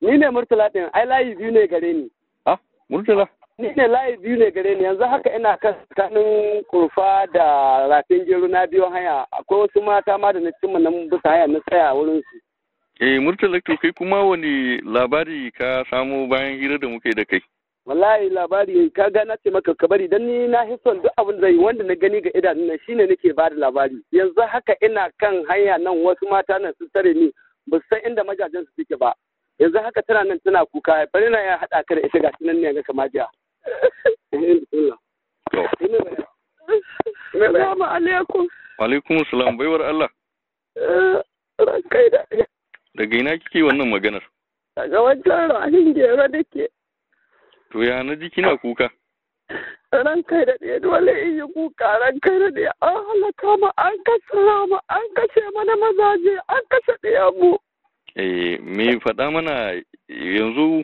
Ni ne Murtala ɗin, ai layi biyu ne gare ni. Ha? Murtala? Ni ne layi biyu ne gare ni, yanzu haka ina kan tsakanin kurfa da rafin gero na biyu haya, akwai wasu mata ma da na cimma na bisa haya na tsaya wurin su. Eh, Murtala to kai kuma wani labari ka samu bayan hira da muke da kai? Wallahi labari ka ga na ce maka bari dan ni na hison duk abin zai wanda na gani ga idanu na shine nake ba da labari. Yanzu haka ina kan hanya nan wasu mata nan su tare ni ba san inda majajen su suke ba. yanzu haka tana nan tana kuka bari na ya haɗa ka da ita ga nan ne ga kamaja Assalamu alaikum. Alaikum salam baiwar Allah. da. Daga ina kike wannan maganar? Daga wajen rahin gera da ke. To ya na ji kina kuka? Ran kai da ɗaya dole in yi kuka ran kai da ɗaya an halaka mu an kasa mu an kashe mana mazaje an kashe ɗaya mu. Eh, me faɗa mana yanzu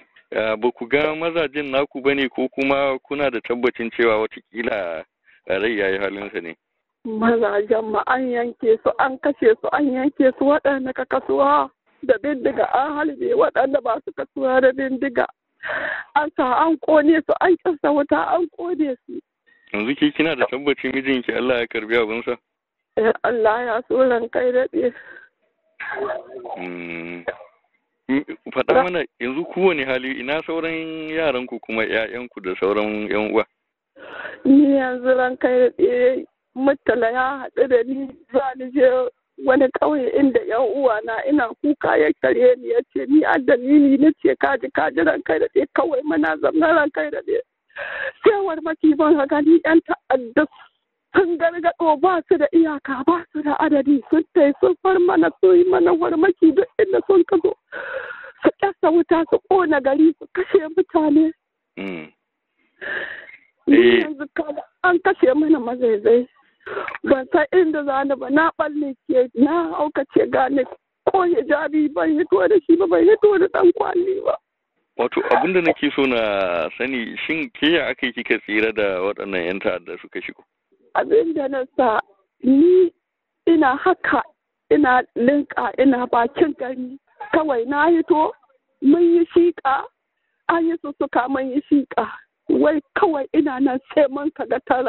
ba ku ga mazajin naku ba ne ko kuma kuna da tabbacin cewa watakila rai ya yi halinsa ne? Mazajen ma an yanke su an kashe su an yanke su waɗanda ka kasuwa da bindiga an halbe waɗanda ba su kasuwa da bindiga. An sa an kone su an kyasa wuta an kone su. Yanzu ke kina da tabbacin mijinki Allah ya karbi abinsa? Eh, Allah ya so ran kai daɗe. Mm. faɗa mana yanzu kowane hali ina sauran yaranku kuma 'ya'yanku da sauran 'yan uwa ni yanzu ran kai da mutala ya haɗu da ni za ni je wani ƙauye inda yan uwa na ina kuka ya kare ni ya ce ni a dalili na ce kaji kaji ran kai da kawai mana zama ran kai da mafi makiban haka ni yan ta'adda sun gargaɗo ba su da iyaka ba su da adadi sun tai sun far mana su yi mana warmaki duk inda sun ka zo su ƙasa wuta su kona gari su kashe mutane mm. eh. an kashe mana mazaizai ban san inda za ni ba na ɓalle ke na aukace gane ko hijabi ban hito da shi ba ban hito da ɗan kwalli ba Wato abinda nake so na sani shin ke ya aka yi kika tsira da waɗannan 'yan ta'adda suka shigo? abin da na sa ni ina haka ina linka ina bakin gani kawai na hito mun yi shiƙa an yi sussuka mun yi shiƙa wai kawai ina nan sai mun kaga ga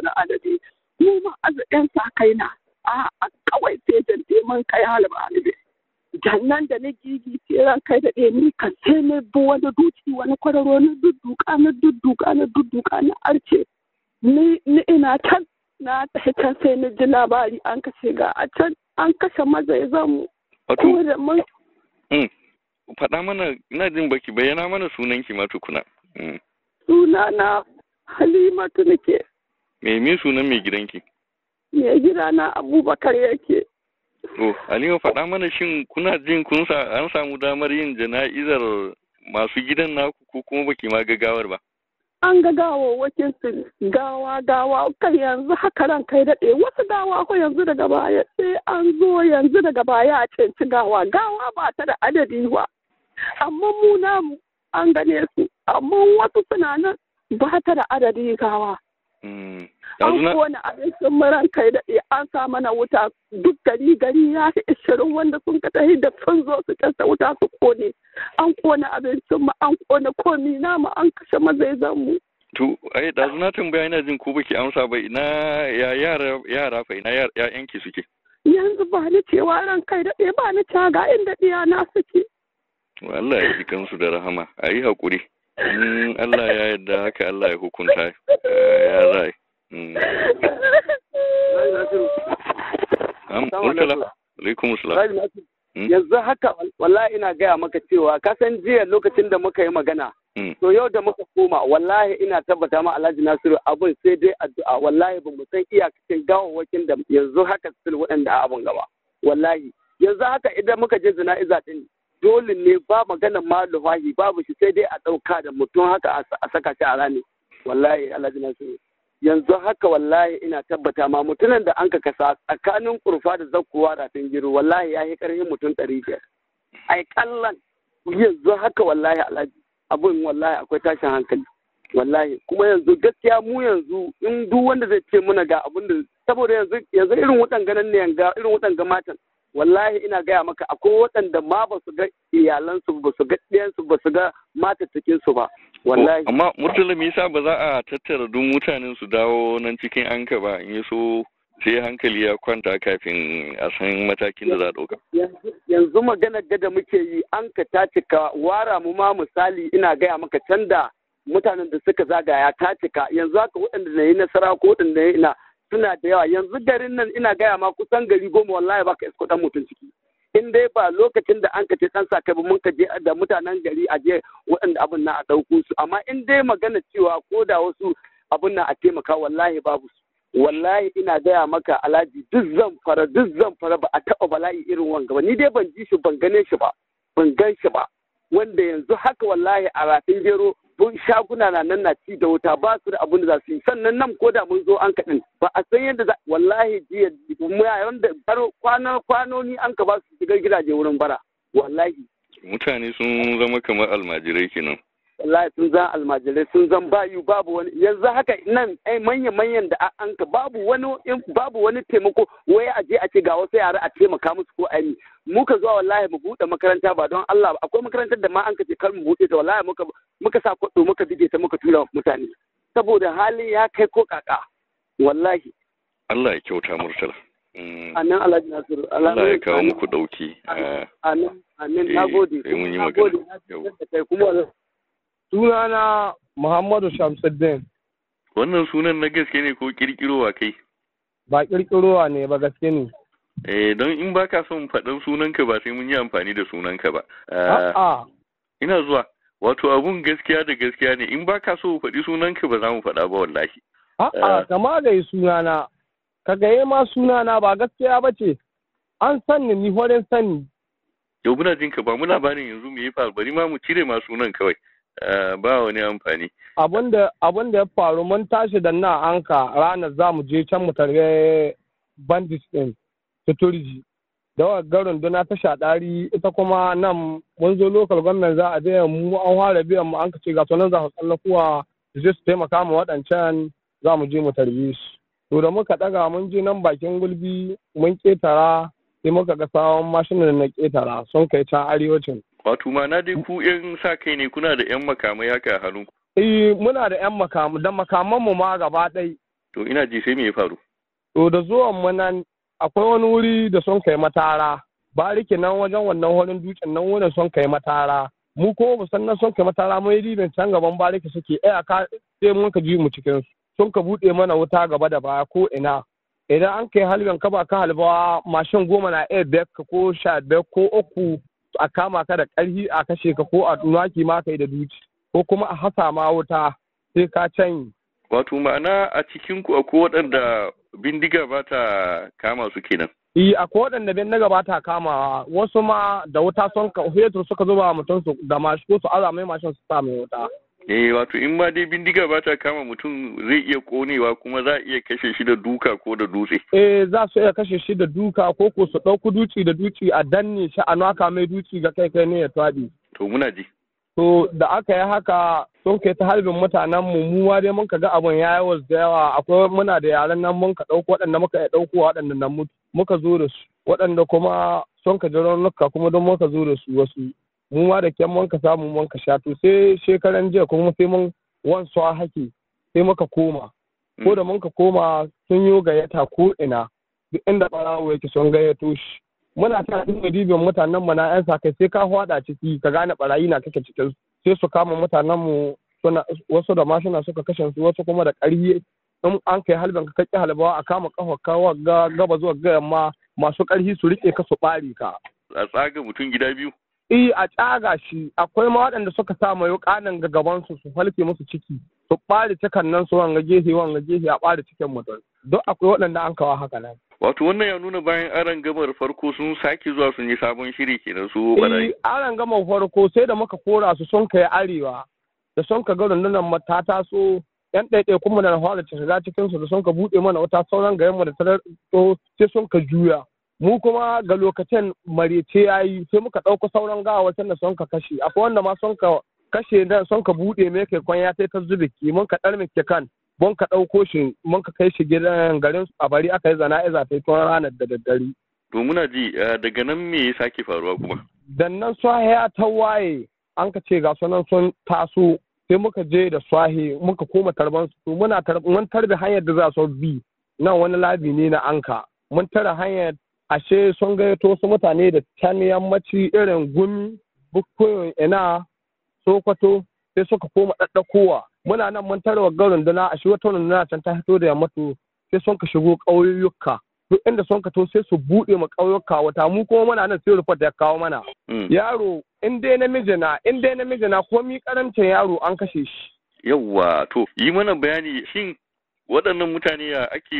na adadi a kawai sai mun kai nan da na gigi ran kai da ɗaya ni kan sai na bi wani duci wani kwararo na dudduka na dudduka na dudduka na arce ni ina can na tafi can sai na ji labari an kashe ga a can an kashe zamu kuma da mun mm, faɗa mana ina jin baki bayyana mana sunan ki ma tukuna mm. suna na halimatu nake me me sunan mai gidanki mai gidana abubakar yake To, Aliyu faɗa mana shin kuna jin kun an samu damar yin jana'izar masu gidan naku ko kuma baki ma gagawar ba? An ga wakin su gawa gawa kai yanzu haka ran kai daɗe wasu gawa ko yanzu daga baya sai an zo yanzu daga baya a cinci gawa gawa ba ta da adadi ba. Amma mu namu an gane su amma wasu suna nan ba ta da adadi gawa. Hmm. an kona abincin maran kai daɗe an sa mana wuta duk gari gari ya fi ishirin wanda sun ka tahi da sun zo su kasa wuta su kone an kona abincin ma, an kona komi ma, an kashe mazaizan mu. To, ai, ɗazu na tambaya ina jin ko baki amsa ba ina ya yara yara fa ina yanki suke. Yanzu ba ni cewa ran kai daɗe ba ni caga inda ɗiya na suke. Wala ya ji kansu da rahama, a yi haƙuri. Allah ya yarda haka Allah ya hukunta eh, ya rai. Mm. Hmm? Yanzu haka wallahi ina gaya maka cewa ka san jiya lokacin da muka yi magana. Hmm. To yau da muka koma wallahi ina tabbata ma Alhaji Nasiru abin sai dai addu'a wallahi ba mu san iyakacin gawawakin da yanzu haka sul waɗanda a abin gaba. Wallahi yanzu haka idan muka je iza din dole ne ba magana ma lufahi babu shi sai dai a ɗauka da mutum haka a saka shi a rani Wallahi Alhaji Nasiru. yanzu haka wallahi ina tabbata ma mutumin da an ka kasa tsakanin kurfa da zakkuwa rafin giro wallahi ya yi karfin mutum ɗari biyar ai kallan yanzu haka wallahi alhaji abin wallahi akwai tashin hankali wallahi kuma yanzu gaskiya mu yanzu in duk wanda zai ce muna ga abin da saboda yanzu yanzu irin wutan ganan ne yanga irin wutan ga matan wallahi ina gaya maka akwai waɗanda ma ba su ga iyalansu ba su ga ɗiyansu ba su ga matattakinsu ba wallahi amma murtala me yasa ba za a tattara duk mutanen su dawo nan cikin anka ba in yaso sai hankali ya kwanta kafin a san matakin da za a ɗauka yanzu maganar da muke yi anka ta cika wara mu ma misali ina gaya maka "Canda!" da mutanen da suka zagaya ta cika yanzu haka waɗanda na yi nasara ko waɗanda na yi ina suna da yawa yanzu garin nan ina gaya ma kusan gari goma wallahi baka isko dan mutum ciki in dai ba lokacin da an kace dan saka mun ka je da mutanen gari a je waɗanda abin na a ɗauko su amma in dai magana cewa ko da wasu abin na a taimaka wallahi babu su wallahi ina gaya maka alhaji duk zan fara duk zan fara ba a taɓa bala'i irin wanga ba ni dai ban ji shi ban gane shi ba ban gan shi ba wanda yanzu haka wallahi a rafin gero shaguna na nan na ci da wuta ba su da abun da za su yi sannan nan ko da mun zo an kaɗin ba a san yadda za wallahi jiya yaran da kwanan kwanoni an ka ba su shigar gidaje wurin bara wallahi mutane sun zama kamar almajirai kenan wallahi sun zan almajirai sun zan bayu babu wani yanzu haka nan ai manyan manyan da an ka babu wani babu wani taimako wai a je a ce ga wasu yara a taimaka musu ko ai mu ka zuwa wallahi mu buɗe makaranta ba don Allah ba akwai makarantar da ma an ka ce kar mu buɗe ta wallahi muka muka sa kwaɗo muka bige ta muka tura mutane saboda halin ya kai ko kaka wallahi Allah ya kyauta murtala mm. anan ya Nasiru Allah ya kawo muku dauki Amin, Amin. Eh, nagode eh, mun yi magana kuma Sunana Muhammadu Shamsuddin. Wannan sunan na gaske ne ko kirkirowa kai? Ba kirkirowa ne ba gaske ne. Eh don in baka son faɗan sunanka ba sai mun yi amfani da sunanka ba. A'a. Eh, ina zuwa. Wato abun gaskiya da gaskiya ne in baka so faɗi sunanka ba za mu faɗa ba wallahi. A'a eh. kama da yi sunana. Ka gaye ma sunana ba gaskiya ba ce. An sanni ni horin sani. Yau muna jinka ba muna bani yanzu mu yi fa bari ma mu cire ma sunan kawai. Eh, ba wani amfani. Abin da ya faru mun tashi da na anka ranar za mu je can mu tarbe bandit din fiturji. Da wa garin duna ta ɗari ita kuma nan mun zo lokal gwamnan za a je mu an fara biyan mu an ka ce ga sunan za su tsallakuwa su je su taimaka mu waɗancan za mu je mu tarbe su. To da muka ɗaga mun je nan bakin gulbi mun ƙetara sai muka ga sawon mashinan na ƙetara sun kai ta arewacin. Wato ma na dai ku yan sa kai ne kuna da yan makamai haka a hannun ku. Eh muna da yan makamu da makaman mu ma gaba ɗai. To ina ji sai me ya faru? To da zuwan mu nan akwai wani wuri da sun kai matara. Bariki nan wajen wannan horin dutsen nan wurin sun kai matara. Mu ko ba san nan sun kai matara mai yi ribin can gaban bariki suke eh aka sai mun ka ji mu cikin su. Sun ka buɗe mana wuta gaba da baya ko ina. Idan an kai halbin ka ba ka halbawa mashin goma na iya biyar ko sha biyar ko uku a kama ka da ƙarfi a kashe ka ko a dunaki ma kai da duci ko kuma a hasa ma wuta sai ka canyi. Wato ma'ana a cikin ku akwai waɗanda bindiga ba ta kama su kenan. I eh, akwai waɗanda bindiga ba ta kama wasu ma da wuta sun ka suka zuba mutum su da mashi ko su azamai mai mashin su sa mai wuta. eh wato in ma dai bindiga ba ta kama mutum zai iya konewa kuma za a iya kashe shi da duka ko da dutse eh za su iya kashe shi da duka ko ko su ɗauku duci da duci a danne shi a naka mai duci ga kai kai ne ya tabi to muna ji to da aka yi haka sun kai ta harbin mutanen mu mu dai mun ga abin ya yi da yawa akwai muna da yaran nan mun ka ɗauko waɗanda muka iya ɗauko waɗanda nan muka zo da su waɗanda kuma sun ka ji raunuka kuma don muka zo da su wasu mu ma da kyan wanka samu wanka sha to sai shekaran jiya kuma sai mun wansuwa haki sai muka koma ko mm. da muka koma sun yi gayyata ko ina duk inda barawo yake sun gayyato shi muna ta dinga dibin mutanen mu na yan sa kai sai ka hwada ciki ka gane barayi na kake cikin sai su kama mutanen mu suna wasu da mashina suka kashe su wasu kuma da ƙarfi in an kai halban ka kake halbawa a kama kafa ka ga gaba zuwa ga yamma masu ƙarfi su rike ka su bare ka a tsaga mutum gida biyu Eh a tsaga shi akwai ma waɗanda suka sa mayo ƙanan ga gabansu su falke musu ciki su ɓare cikan nan su wanga gehe wanga gehe a ɓare cikin mutum duk akwai waɗanda an kawo haka nan. Wato wannan ya nuna bayan aran gamar farko sun sake zuwa sun yi sabon shiri kenan su Eh aron gamar farko sai da muka kora su sun kai arewa da sun ka ga rundunar mata su yan ɗaiɗai kuma da na fara shiga cikin su da sun ka buɗe mana wata sauran garin mu da ta sai sun ka juya mu kuma ga lokacin marice ya yi sai muka ɗauko sauran gawawacin da son ka kashe akwai wanda ma son ka kashe da son ka buɗe mai kai kwan ya ta zube ki mun ka ɗar ke kan mun ka ɗauko shi mun ka kai shi gidan garin a bari aka yi iza ta tun ranar da daddare. to muna ji eh, daga nan me ya sake faruwa kuma. dan nan ya ta waye an ka ce ga sunan sun taso sai muka je da swahi muka koma tarban su muna mun tarbi hanyar da za su bi nan wani labi ne na anka mun tara hanyar ashe sun gayyato su mutane da can yammaci irin gumi bukkoyon ina sokoto sai suka koma ɗaɗɗakowa muna nan mun tarwa garin duna. ashe wata nuna can ta fito da yammatu sai sun ka shigo ƙauyuka duk inda sun ka to sai su buɗe ma ƙauyuka wata mu kuma muna nan sai rufar da ya kawo mana mm. yaro in dai namiji na in dai namiji na ko mi karamcin yaro an kashe shi yawwa to yi mana bayani shin waɗannan mutane ya ake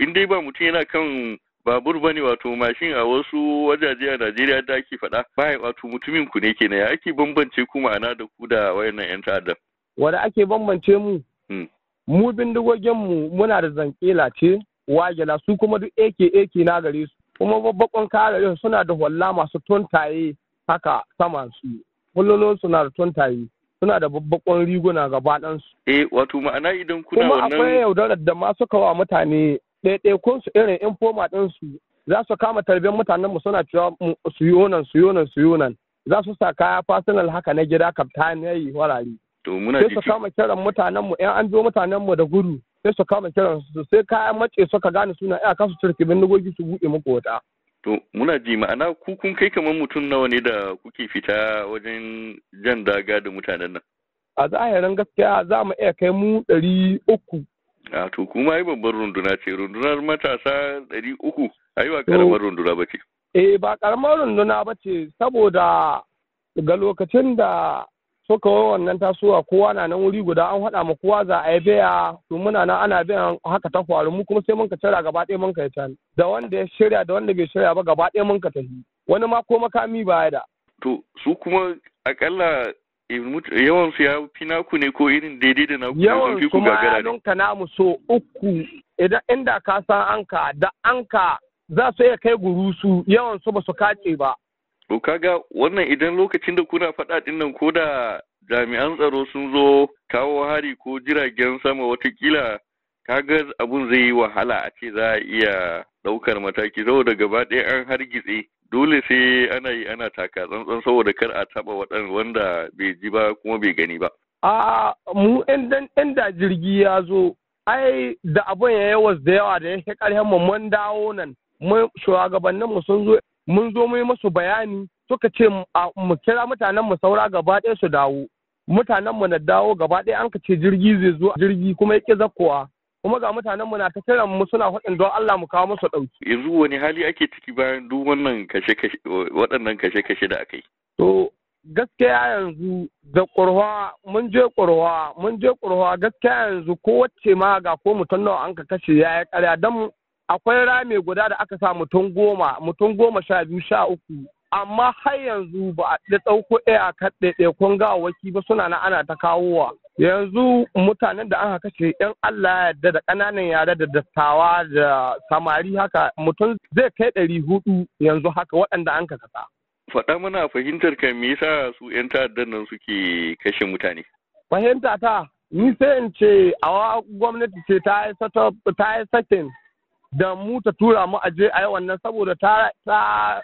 in dai ba mutum yana kan babur bane wato mashin a wasu wajaje a Najeriya da ake faɗa baya wato mutumin ku ne kenan ya ake bambance ku ma'ana da ku da wayannan yan ta'adda wanda ake bambance mu hmm. mu bindigogin mu muna da zankela ce wagela su kuma duk eke eke na gare su kuma babban kare suna da holla masu tuntaye haka sama su kullun suna da tuntaye suna da babbakon riguna gaba ɗansu. Eh wato ma'ana idan kuna wannan. Kuma akwai yaudarar da ma suka wa mutane ɗaiɗaikun su irin informa ɗin su za su kama tarbiyyar mutanen mu suna cewa su yonan su yonan su yonan za su sa kaya fasinal haka na gida kafta na yi warare. sai su kama kiran mutanen mu yan an biyo mutanen mu da gudu sai su kama kiran su sai kayan mace suka gane suna iya kasu turki bindigogi su buɗe muku wata. To muna ji ma'ana ku kun kai kamar mutum nawa ne da kuke fita wajen jan daga da mutanen nan. A zahirin gaskiya za mu iya kai mu ɗari uku a to kuma ai babbar runduna ce rundunar matasa ɗari uku ai ba karamar runduna ba ce eh ba karamar runduna ba ce saboda ga lokacin da suka wa wannan tasowa kowa na nan wuri guda an haɗa ma kowa za a yi biya to muna nan ana biyan haka ta faru mu kuma sai mun ka cira gaba ɗaya mun ka yi can da wanda ya shirya da wanda bai shirya ba gaba ɗaya mun ka tafi wani ma ko makami ba da. to su kuma akalla yawan su ya fi naku ne ko irin daidai da naku yawan fi ku gagara ne namu so uku idan inda ka san anka da anka za su iya kai gurusu yawan su ba su kace ba to kaga wannan idan lokacin da kuna faɗa din nan ko da jami'an tsaro sun zo kawo hari ko jiragen sama watakila kaga abun zai yi wahala a ce za a iya ɗaukar mataki saboda gaba ɗaya an hargitse dole sai ana yi ana taka tsantsan saboda kar a taba waɗanda wanda bai ji ba kuma bai gani ba. A mu ɗan da jirgi ya zo, ai da abin ya yawas da yawa da ya ƙarfin mu mun dawo nan, shugabannin mu sun zo mun zo mu yi musu bayani suka ce mu kira mutanen mu saura gaba ɗaya su dawo. Mutanen mu na dawo gaba ɗaya an ka ce jirgi zai zo jirgi kuma ya ƙi zakkowa. kuma ga mutanen mu na ta kiran mu suna hudin don Allah mu kawo musu dauki yanzu wani hali ake ciki bayan duk wannan kashe kashe waɗannan kashe kashe da akai? to gaskiya yanzu da ƙurwa mun je ƙurwa mun je ƙurwa gaskiya yanzu ko wacce ma ga ko mutum nawa an ka kashe ya yi ƙarya don akwai rami guda da aka sa mutum goma mutum goma sha biyu sha uku amma har yanzu ba a ɗauko ɗaya a kan ɗaiɗaikun waki ba suna na ana ta kawowa yanzu mutanen da aka kashe yan Allah ya yarda da ƙananan yara da dattawa da samari haka mutum zai kai ɗari hudu yanzu haka waɗanda an kasa. Faɗa mana fahimtar ka me yasa su 'yan ta'addan nan suke kashe mutane. Fahimta ta, ni sai in ce a gwamnati ce ta yi sakin da mu ta tura mu aje a yi wannan saboda ta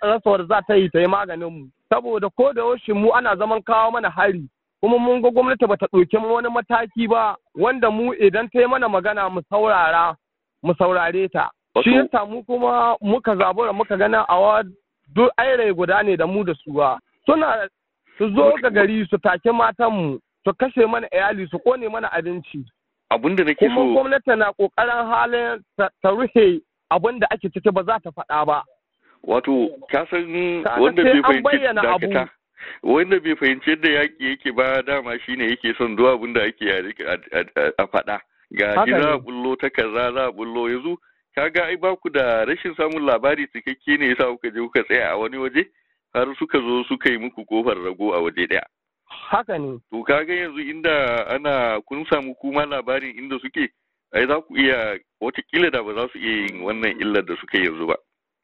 rasa wadda za ta yi ta yi maganin mu saboda ko da yaushe mu ana zaman kawo mana hari kuma mun ga gwamnati bata ɗauki wani mataki ba wanda mu idan ta yi mana magana mu saurara mu saurare ta shi yasa mu kuma muka zabura muka gana a duk aire guda ne da mu da ba suna su zo ga gari su take matan mu su kashe mana iyali su kone mana abinci abin da nake so kuma gwamnati na kokarin halin ta rufe abin da ake ciki ba za ta faɗa ba wato ka san wanda bai fahimci dakata wanda bai fahimci yadda yaƙi yake ba dama shine yake son duk abin da ake a faɗa ga shi za a bullo ta kaza za a bullo yanzu kaga ai baku da rashin samun labari cikakke ne yasa kuka je kuka tsaya a wani waje har suka zo suka yi muku kofar rago a waje ɗaya haka ne to kaga yanzu inda ana kun samu kuma labarin inda suke ai za ku iya watakila da ba za su iya yin wannan illar da suka yanzu ba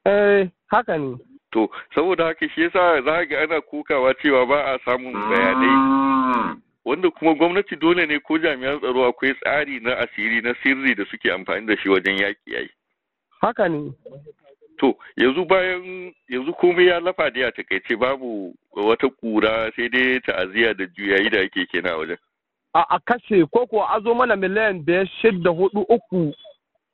eh haka ne to saboda haka shi yasa za ga ana kokawa cewa ba a samun bayanai wanda kuma gwamnati dole ne ko jami'an tsaro akwai tsari na asiri na sirri da suke amfani da shi wajen yaƙi yayi haka ne To, yanzu bayan yanzu komai ya lafa da ya takaice babu wata kura sai dai ta'aziyya da juyayi da ake kena wajen. A, a kashe ko kuwa a zo mana miliyan biyar shidda hudu uku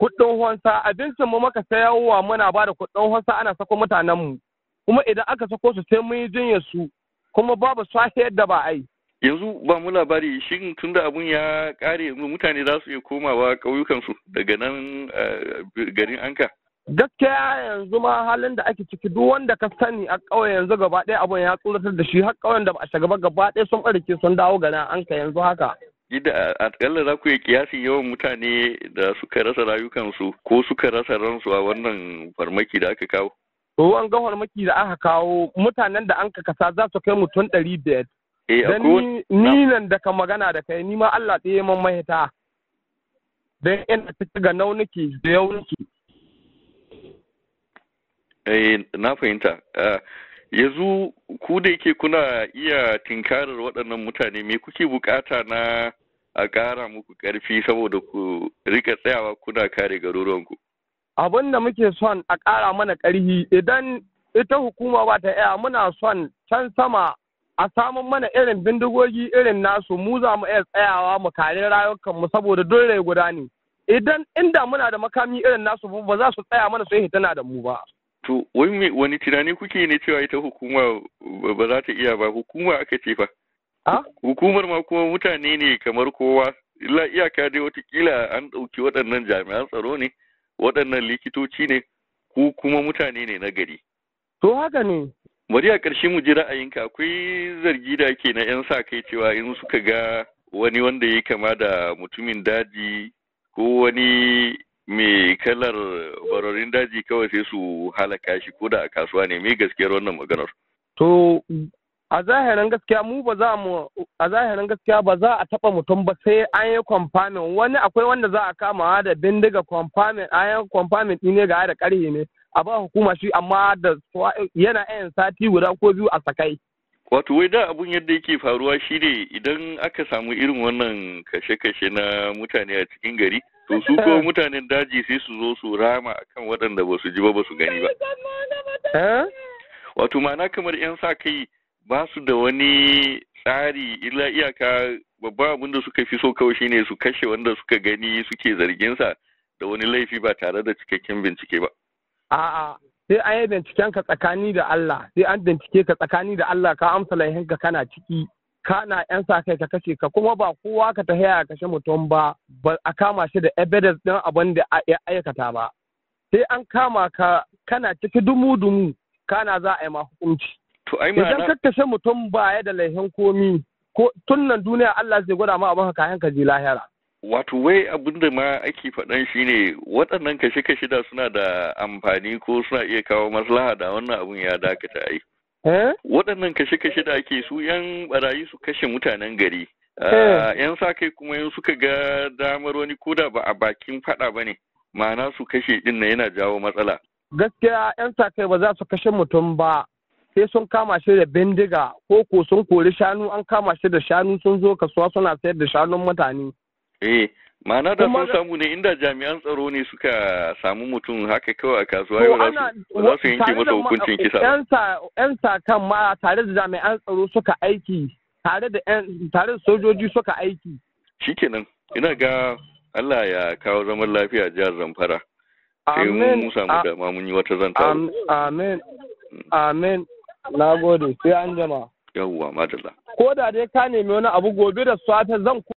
kuɗin honsa abincin mu maka sayarwa muna ba da kuɗin honsa ana sako mutanen mu kuma idan aka sako su sai mun yi jinyar su kuma babu sashe yadda ba yi. Yanzu ba mu labari shin tunda abun ya kare yanzu mutane za su iya komawa ƙauyukansu daga nan eh, garin Anka. gaskiya yanzu ma halin da ake ciki duk wanda ka sani a ƙauye yanzu gaba ɗaya abin ya tsoratar da shi har ƙauyen da ba a shiga ba gaba ɗaya sun ɓarke sun dawo gana an ka yanzu haka. Gida a ƙalla za ku yi kiyasin yawan mutane da suka rasa rayukansu ko suka rasa ransu a wannan farmaki da aka kawo. Ruwan ga farmaki da aka kawo mutanen da an ka kasa za su kai mutum ɗari biyar. Eh, Dan ni nan da ka magana da kai ni ma Allah tsaye man mahita. Dan ina cika ga nauniki da yauniki. Eh, na fahimta. Eh, yanzu ku da yake kuna iya tinkarar waɗannan mutane me kuke bukata na a ƙara muku ƙarfi saboda ku rika tsayawa kuna kare garuruwanku. Abin da muke son a ƙara mana ƙarfi idan ita hukuma ba ta iya muna son can sama a samun mana irin bindigogi irin nasu mu za mu iya tsayawa mu kare rayukanmu saboda dole guda ne. Idan inda muna da makami irin nasu ba za su tsaya mana su yi hitana da mu ba. To wani tunani kuke ne cewa ita hukuma ba za ta iya ba hukuma aka ce fa. Hukumar ma kuma mutane ne kamar kowa illa iyaka dai watakila an ɗauki waɗannan jami'an tsaro ne waɗannan likitoci ne ko kuma mutane ne na gari. To haka ne. Bari a ƙarshe mu ji ra'ayinka akwai zargi da ake na 'yan sa kai cewa in suka ga wani wanda ya kama da mutumin daji ko wani mai kalar barorin daji kawai sai su halaka shi ko da a kasuwa ne mai gaskiyar wannan maganar. To a zahirin gaskiya mu ba za mu a zahirin gaskiya ba za a taba mutum ba sai an yi kwamfamin wani akwai wanda za a kama da bindiga kwamfamin an yi kwamfamin ne ga da ƙarfe ne a ba hukuma shi amma da yana yan sati guda ko biyu a sakai. Wato wai da abun yadda yake faruwa shi ne idan aka samu irin wannan kashe-kashe na mutane a cikin gari to su ko mutanen daji sai su zo su rama akan waɗanda ba su ji ba ba su gani ba wato ma'ana kamar 'yan sa kai ba su da wani tsari illa iyaka babban abin da suka fi so kawai shine su kashe wanda suka gani suke zarginsa da wani laifi ba tare da cikakken bincike ba a'a sai an yi binciken ka tsakani da Allah sai an bincike ka tsakani da Allah ka amsa ka kana ciki kana yan sa kai ka kashe ka kuma ba kowa ka ta haya kashe mutum ba ba a kama shi da evidence din abin da ya aikata ba sai an kama ka kana ciki dumu dumu kana za a yi ma hukunci idan ka kashe mutum ba ya da laifin komi ko tun nan duniya Allah zai gwada ma abin kayan ka ji lahira wato wai abin da ma ake faɗan shine waɗannan kashe-kashe da suna da amfani ko suna iya kawo maslaha da wannan abun ya dakata ai Eh? Waɗannan kashe-kashe da ake su 'yan barayi su kashe mutanen gari. Ah, eh. ‘Yan sa kai kuma yan suka ga damar wani koda ba a bakin faɗa ba ne, ma'ana su kashe ɗin na yana jawo matsala. Gaskiya 'yan sa kai ba za su kashe mutum ba, sai sun kama shi da bindiga ko ko sun kori shanu an kama shi da shanu sun zo kasuwa suna sayar da shanun mutane. Eh, Ma'ana da sun samu ne inda jami'an tsaro ne suka samu mutum haka kawai a kasuwa yau za su yanke masa hukuncin kisa. Yan sa kan ma tare da jami'an tsaro suka aiki tare da tare da sojoji suka aiki. Shikenan ina ga Allah ya kawo zaman lafiya jihar Zamfara. Sai mun samu yi wata zanta. Amin. Mm. Amin. Nagode, sai an jama. Yawwa madalla. Ko da dai ka nemi wani abu gobe da sata zan